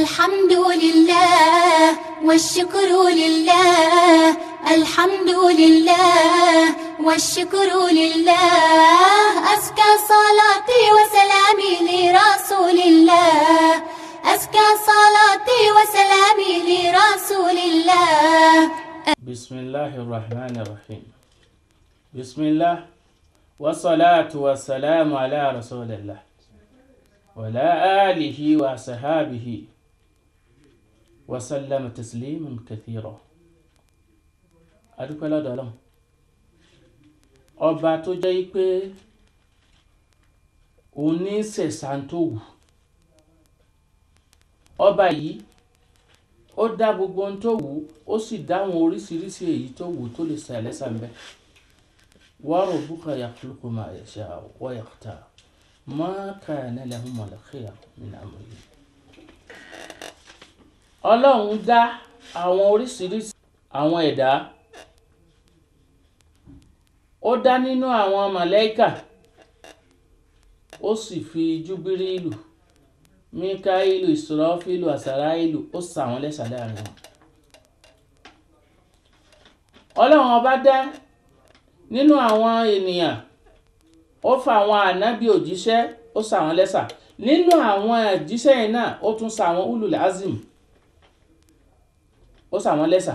الحمد لله والشكر لله الحمد لله والشكر لله أزكى صلاتي وسلامي لرسول الله أزكى صلاتي وسلامي لرسول الله بسم الله الرحمن الرحيم بسم الله والصلاة والسلام على رسول الله وعلى آله وصحابه وسلم تسليما كثيرا adúpẹ́ lọ́dọ̀ ọlọ́run ọba tó jẹ́ pé òun ní sẹ̀sántòwù ọba yìí ó dá gbogbo ohun tó wù ú ó sì dáhùn oríṣiríṣi èyí tó wù tó lè ṣe àlẹ́sà ń búkà yàtúkù máa wọ́yàtà máa kà ní ẹlẹ́hùn mọ̀lẹ́kẹ́yà nínú àmọ́ yìí. Ọlọ́run dá àwọn oríṣiríṣi àwọn ẹ̀dá. Ó dá nínú àwọn màláíkà, ó sì fi Jíbírílù, Míkáílù, Ìsírọ́fílù, Àsàráílù ó sà wọ́n lẹ́sà láàrin wọn. Ọlọ́run ọba dá nínú àwọn ènìyàn ó fa àwọn ànábì òjíṣẹ́ ó sà wọ́n lẹ́sà nínú àwọn òjíṣẹ́ yẹn náà ó tún sà wọ́n ulul azim ó sàwọn lẹ́sà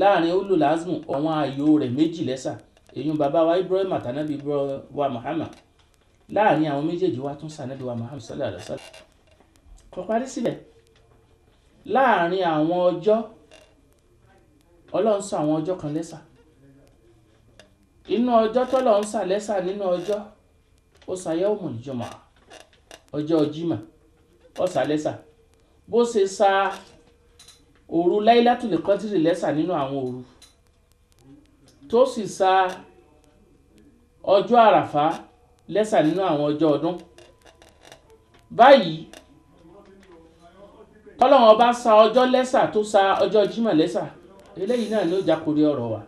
láàrin ulu lazmu ọ̀wọ́n ayò rẹ̀ méjì lẹ́sà èyí bàbá wa ibrahim àtànábì wa muhammad láàrin àwọn méjèèjì wa tún sànábì wa muhammad sallallahu alaihi wa sallam kò parí síbẹ̀ láàrin àwọn ọjọ́ ọlọ́run sọ àwọn ọjọ́ kan lẹ́sà inú ọjọ́ tọ́lọ́run sà lẹ́sà nínú ọjọ́ ó sàyẹ̀wò mọ̀lẹ́jọ́mọ́ ọjọ́ jimá ó lẹ́sà bó ṣe sa òru láìlátùlẹ kọtìrì lẹsà nínú àwọn òru tó sì sa ọjọ́ àràfá lẹ́sà nínú àwọn ọjọ́ ọdún báyìí kọ́lọ́hún ọba sa ọjọ́ lẹ́sà tó sa ọjọ́ Jímọ̀ lẹ́sà eléyìí náà ni ó jákòrí ọ̀rọ̀ wa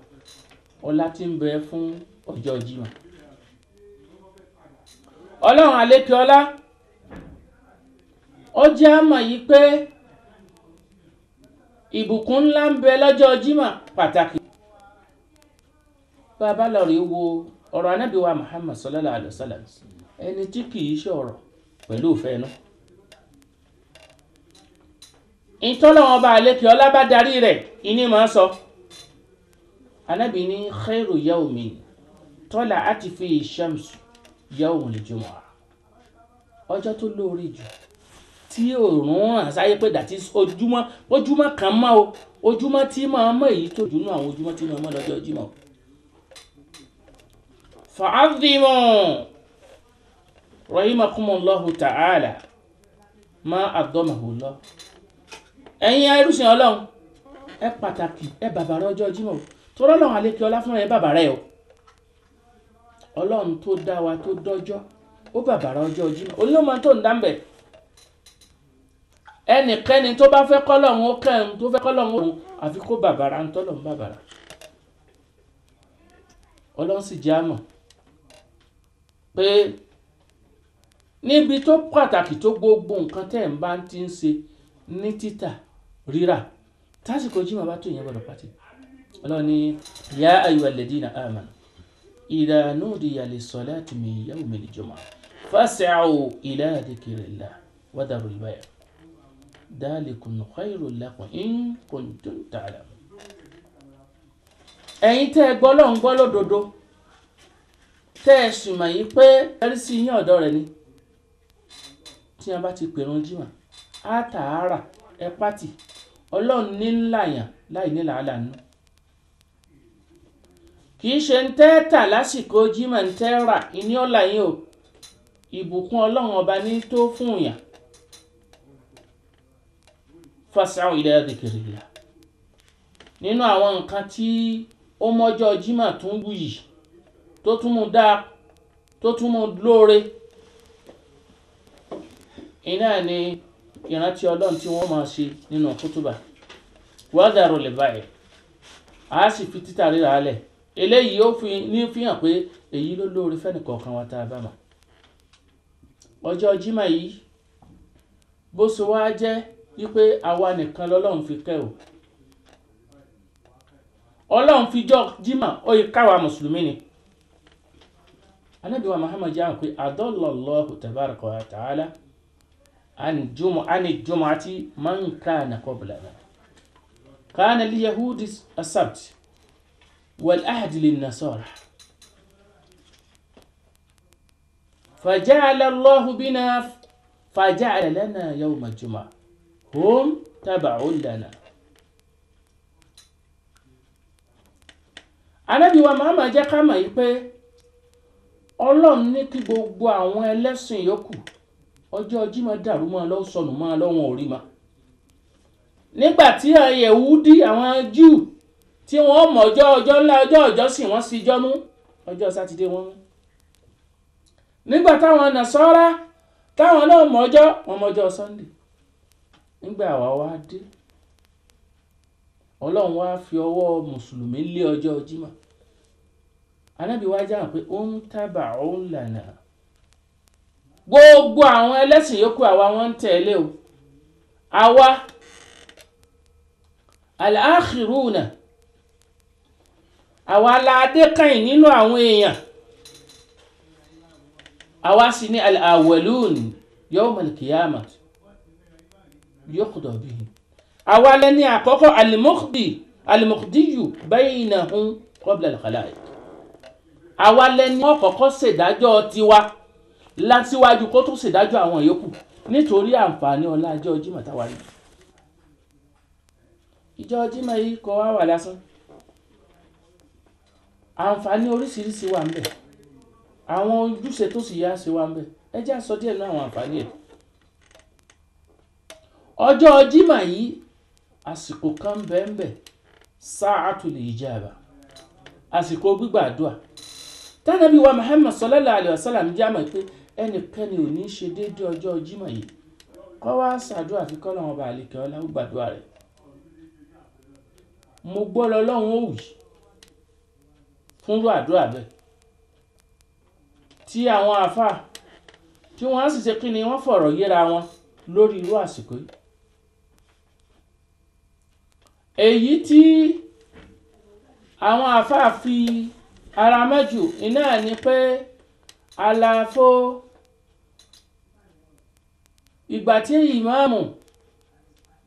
ọlá tí ń bẹ fún ọjọ́ Jímọ̀ ọlọ́run àlékè ọlá ó jẹ́ àmọ̀ yìí pé ìbùkún ńlá ń bẹ lọ́jọ́ Jímọ̀ pàtàkì. bàbá lọ́ọ̀rì wo ọ̀rọ̀ anábìwá Muhammad sallallahu alayhi wa sallam ẹni tí kì í ṣọ̀rọ̀ pẹ̀lú òfẹ́ inú. ìtọ́lọ́wọ́n bá àlékè ọlá bá darí rẹ̀ ìní máa ń sọ. anábì ní khairu yawmin tọ́lá àti fi shamsu yawmul jumu'ah ọjọ́ tó lóore jù tí òòrùn ràn sáyé pé dàtí ojúmọ́ ojúmọ́ kan mọ́ o ojúmọ́ tí máa mọ́ èyí tó dùnú àwọn ojúmọ́ tí máa mọ́ lọ́jọ́ ojúmọ́. fa'adhimu rahimakumullahu ta'ala ma adamahu Allah ẹ̀yin ẹrúsìn ọlọ́run ẹ pàtàkì ẹ bàbá rẹ ọjọ́ jímọ̀ torí ọlọ́run àlékè ọlá fún ẹ bàbá rẹ o ọlọ́run tó dá wa tó dọ́jọ́ ó bàbá rẹ ọjọ́ jímọ̀ onílọ́mọ tó ń dá ń ẹnikẹ́ni tó bá fẹ́ kọ́lọ́hún ó kẹ́hún tó fẹ́ kọ́lọ́hún òun àfi kó bàbàrà ń tọ́lọ́hún bàbàrà ọlọ́run sì já mọ̀ pé níbi tó pàtàkì tó gbogbo nǹkan tẹ́ ẹ̀ ń bá ti ń ṣe ní títà rírà tásìkò jimoh bá tó yẹn gbọdọ̀ pàtì ọlọ́run ní yá ayyuhal ladina amanu idha nudiya lissalati min yawmil jumu'ah fas'u ila dhikrillah wa dharul bay' dalikum khairul lakum in kuntum ta'lamun. ẹ̀yin tẹ́ ẹ gbọ́ lọ́n gbọ́ lódodo tẹ́ ẹ sì mọ̀ yìí pé ẹrí sí yín ọ̀dọ́ rẹ̀ ni tí wọ́n bá ti pèrún jímọ̀ á tààrà ẹ pátì ọlọ́run ní ńláyàn láì ní làálàá nù kì ṣe ń tẹ́ tà lásìkò jímọ̀ ń tẹ́ rà ìní ọ̀la yín o ìbùkún ọlọ́run ọba ní tó fún yàn fas'u ila dhikrillah nínú àwọn nǹkan tí ó mọ́jọ́ jimá tún wuyì tó tún mú dáa tó tún mú lóore iná ni ìrántí ọlọ́run tí wọ́n máa ṣe nínú kútùbà wádàrú lè báyìí a sì fi títà rírà lẹ̀ eléyìí ó fi ní fihàn pé èyí ló lóore fẹ́ni kọ̀ọ̀kan wa tá a bá mà ọjọ́ jimá yìí bó so wá jẹ́ wípé àwa nìkan lọ́lọ́run fi kẹ́ o ọlọ́run fi jọ́ jímọ̀ ó yẹ káwa mùsùlùmí ni anabiwa muhammad jẹ́ àpé adọ́lọ́lọ́hù tabaraka wa ta'ala ani jumu'ati man kana qablana kana li yahudi asabt wal ahdi lin nasara faja'ala allahu bina faja'ala lana yawma هم تبع لنا anábì wa ma jẹ́ ká mọ̀ yìí pé ọlọ́run ní kí gbogbo àwọn ẹlẹ́sìn yòókù ọjọ́ Jímọ̀ dàrú mọ́ lọ́wọ́ sọnù ma nígbà tí Yẹ̀wúdí àwọn Júù tí wọ́n mọ̀ ọjọ́ ọjọ́ ńlá ọjọ́ ọjọ́sìn wọ́n sì jọ́ mú ọjọ́ sátidé wọ́n mú nígbà táwọn Nàsárà táwọn náà mọ̀ ọjọ́ wọn mọ̀ Sunday nígbà àwa wá dé ọlọ́run wá fi ọwọ́ mùsùlùmí lé ọjọ́ jímọ̀ anábì wá jáwọ́ pé ó ń tábà ó ń lànà gbogbo àwọn ẹlẹ́sìn yòókù àwa wọn ń tẹ̀lé o àwa aláàkìrúnà àwa aládé kàn nínú àwọn èèyàn àwa sì ní aláwẹ̀lúùn yawm al yọkùdọ̀ bí i. àwa lẹ́ni àkọ́kọ́ alimokdi alimokdiyu baynahum qabla al-khalaiq. àwa lẹ́ni ọ̀kọ̀kọ́ ṣèdájọ́ tiwa látiwájú kó tó ṣèdájọ́ àwọn yòókù nítorí àǹfààní ọlá ìjọ jimá táwa ní. ìjọ jimá yìí kọ wá wà lásán àǹfààní oríṣiríṣi wà ń bẹ àwọn ojúṣe tó sì yá ṣe wà ń bẹ ẹ jẹ́ àsọdíẹ̀ náà àwọn àǹfààní ẹ̀ ọjọ́ jimá yìí àsìkò kan bẹ́ẹ̀nbẹ́ sa'atul ijaba àsìkò gbígbàdúà tánàbí wa Muhammad sallallahu alayhi wa sallam jẹ́ àmọ̀ pé ẹnikẹ́ni ò ní ṣe déédéé ọjọ́ jimá yìí kọ́ wá ṣàdúrà fi kọ́ lọ́wọ́ bá àlekè ọlá ó gbàdúrà rẹ̀ mo gbọ́ lọ lọ́hùn ó fúnrú àdúrà bẹ́ẹ̀ tí àwọn àáfàá tí wọ́n á sì ṣe kí ni wọ́n fọ̀rọ̀ yéra wọn lórí irú àsìkò yìí èyí tí àwọn àáfàá fi ara mọ́jú iná ni pé àlàfo ìgbà tí ìmáàmù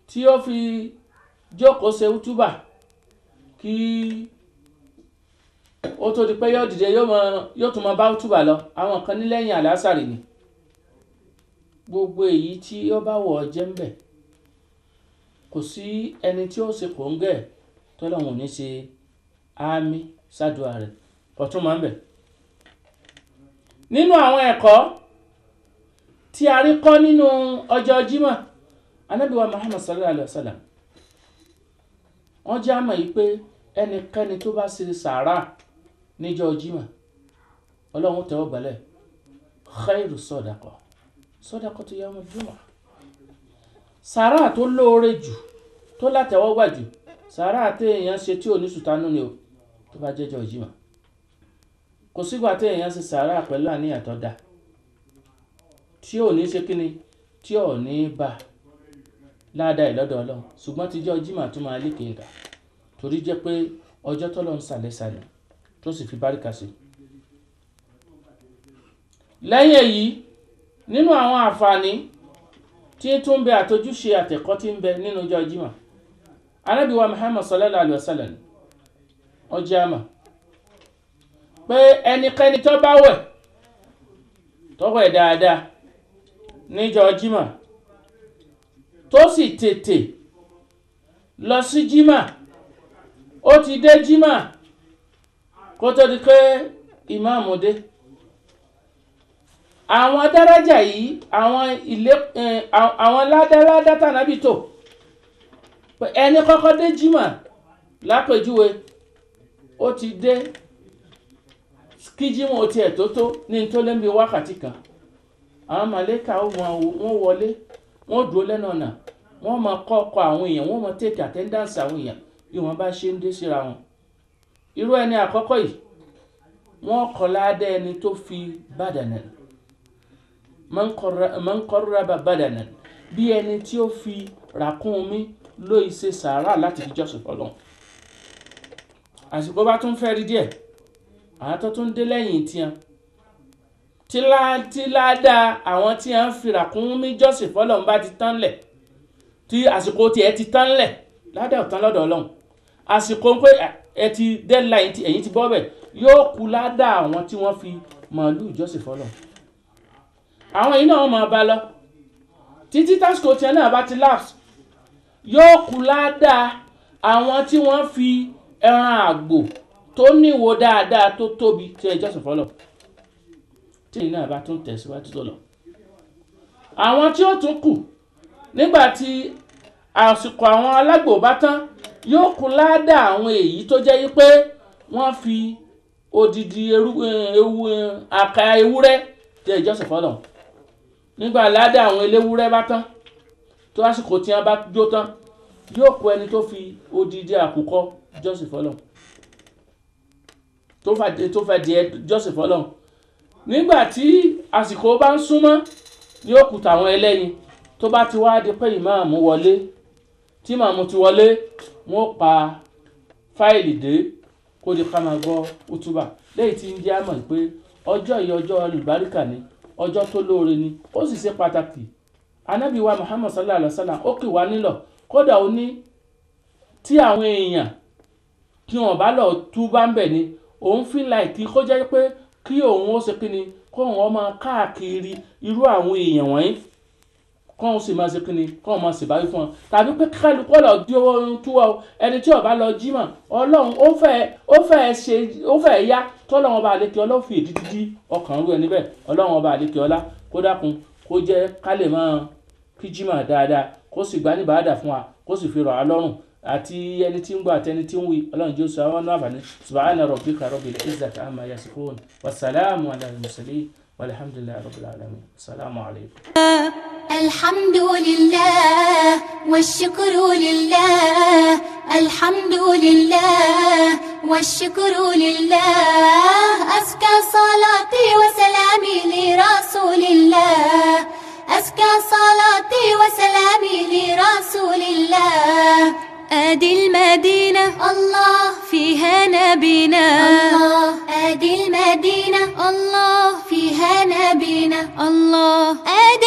tí ó fi jókòó ṣe útúbà kí ó tó di pé yóò dìde yóò tún mọ bá útúbà lọ àwọn kan ní lẹ́yìn àlásàrì ni gbogbo èyí tí ó bá wọ̀ ọ́ jẹ́ ń bẹ̀ kò sí ẹni tí ó ṣe kòńgẹ́ tọ́lọ́hún ò ní ṣe àmì ṣáàdùá rẹ̀ ọ̀tún máa ń bẹ̀. nínú àwọn ẹ̀kọ́ tí a rí kọ́ nínú ọjọ́ Jímọ̀ Ànábì Muhammad sallallahu alayhi wa sallam wọ́n jẹ́ àmọ̀ yìí pé ẹnikẹ́ni tó bá ṣe sàárà níjọ́ Jímọ̀ Ọlọ́run tẹ́wọ́ gbálẹ̀ khairu sadaqa sadaqa tó yawm al-jumu'ah sàárà tó lóore jù tó látẹ̀wọ́gbà jù sàárà téèyàn ṣe tí ò ni o tó bá jẹ́jọ́ ìjímọ̀ kò sígbà téèyàn ṣe sàárà pẹ̀lú àníyàn tó dáa tí ò ní ṣe kíni tí ò ní bà ládàá ìlọ́dọ̀ ọlọ́run ṣùgbọ́n tíjọ́ jímọ̀ tó máa lékè nǹkan torí jẹ́ pé ọjọ́ tọ́lọ́ ń sàlẹ̀ tó sì fi báríkà sí. lẹ́yìn èyí nínú àwọn àǹfààní tí ètò ń bẹ àtọ́júṣe àtẹ̀kọ́ tí ń bẹ nínú ọjọ́ Jímọ̀ Ànábì wa Muhammad sallallahu alayhi wa sallam ọjọ́ àmà pé ẹnikẹ́ni tó bá wẹ̀ tó wẹ̀ dáadáa níjọ́ Jímọ̀ tó sì tètè lọ sí Jímọ̀ ó ti dé Jímọ̀ kó tó di pé ìmáàmù dé àwọn dáràjà yìí àwọn ilé àwọn ládàládà tànàbí tò ẹni kọ́kọ́ dé jimá lápèjúwe ó ti dé kí jimá ó tiẹ̀ tó tó ní tó lé mi wákàtí kan àwọn màlẹ́kà wọ́n wọlé wọ́n dúró lẹ́nu ọ̀nà wọ́n máa kọ́ ọkọ àwọn èèyàn wọ́n máa take attendance àwọn èèyàn bí wọ́n bá ṣe ń dé síra wọn irú ẹni àkọ́kọ́ yìí wọ́n kọ́ ládàá ẹni tó fi bàdàn náà mọ́ńkọ́rọ́bà bàdànà bí ẹni tí ó fi ràkúnmí ló ìṣe sàárà láti fi jọ́sìn fọlọ́n àsìkò bá tún fẹ́ rí díẹ̀ àátọ́ tún dé lẹ́yìn tiẹ̀ tíláàdá àwọn tí a ń fi ràkúnmí jọ́sìn fọlọ́n bá ti tán lẹ̀ tí àsìkò tiẹ̀ ti tán lẹ̀ ládàá ò tán lọ́dọ̀ ọlọ́run àsìkò pé ẹ ti deadline ẹ̀yìn ti bọ́ bẹ̀ yóò kú ládàá àwọn tí wọ́n fi màálù jọ́sìn fọlọ́n àwọn yìí náà wọ́n máa bá lọ títí tásìkò tiẹ̀ náà bá ti lapse yóò kú ládàá àwọn tí wọ́n fi ẹran àgbò tó níwò dáadáa tó tóbi tí ẹ jọ́sìn fọlọ́ tí ìyìn náà bá tún tẹ̀síwájú tó lọ. àwọn tí ó tún kù nígbà tí àsìkò àwọn alágbò bá tán yóò kú ládàá àwọn èyí tó jẹ́ pé wọ́n fi odidi ewu eh, eh, àká ewúrẹ́ tí ẹ jọ́sìn fọlọ́ nígbà ládé àwọn eléwúrẹ́ bá tán tó àsìkò tí wọ́n bá jó tán yóò kó ẹni tó fi odidi àkùkọ jọ́sìn fọlọ́n tó fẹ́ di ẹ jọ́sìn fọlọ́n nígbà tí àsìkò bá ń súnmọ́ yóò kù tàwọn ẹlẹ́yin tó bá ti wáá di pé ìmáàmù wọlé tí màmú ti wọlé wọn ò pa fáìlì dé kó di ká máa gbọ́ òtúbà lẹ́yìn tí ń jẹ́ àmọ̀ pé ọjọ́ yìí olùbáríkà ni ọjọ́ tó lóore ni ó sì ṣe pàtàkì anábì wa muhammad sallallahu alaihi wa sallam ó kì wá nílọ̀ kódà ó ní tí àwọn èèyàn tí wọn bá lọ tú bá ń bẹ̀ ni òun fi láìkí kó jẹ́ pé kí òun ó ṣe kíni kóun ó máa káàkiri irú àwọn èèyàn wọ̀nyí kóun sì máa ṣe kíni kóun máa ṣèbáwí fún wọn tàbí pé kálukú ọ̀lọ́ di ohun tú ọ ẹni tí ó bá lọ jímọ̀ ọlọ́run ó fẹ́ ó fẹ́ ṣe ó fẹ́ yá tọ́lọ́run ọba àlékè ọlá fi ìdí dídí ọkàn rú ẹ níbẹ̀ ọlọ́run ọba àlékè ọlá kó dákun kó jẹ́ ká lè máa dáadáa kó sì gbá ní bàádà fún wa kó sì fi rọ̀ á lọ́rùn àti ẹni tí ń gbọ́ àti ẹni tí ń wí ọlọ́run jésù àwọn náà àbàní subhana rabbika rabbil izzati amma yasifun wasalaamu ala al-mursalin walhamdulillahi rabbil alamin salaamu alaykum. alhamdulillah wa shukuru lillah. الحمد لله والشكر لله أزكى صلاتي وسلامي لرسول الله أزكى صلاتي وسلامي لرسول الله أدي المدينة الله فيها نبينا الله أدي المدينة الله فيها نبينا الله أدي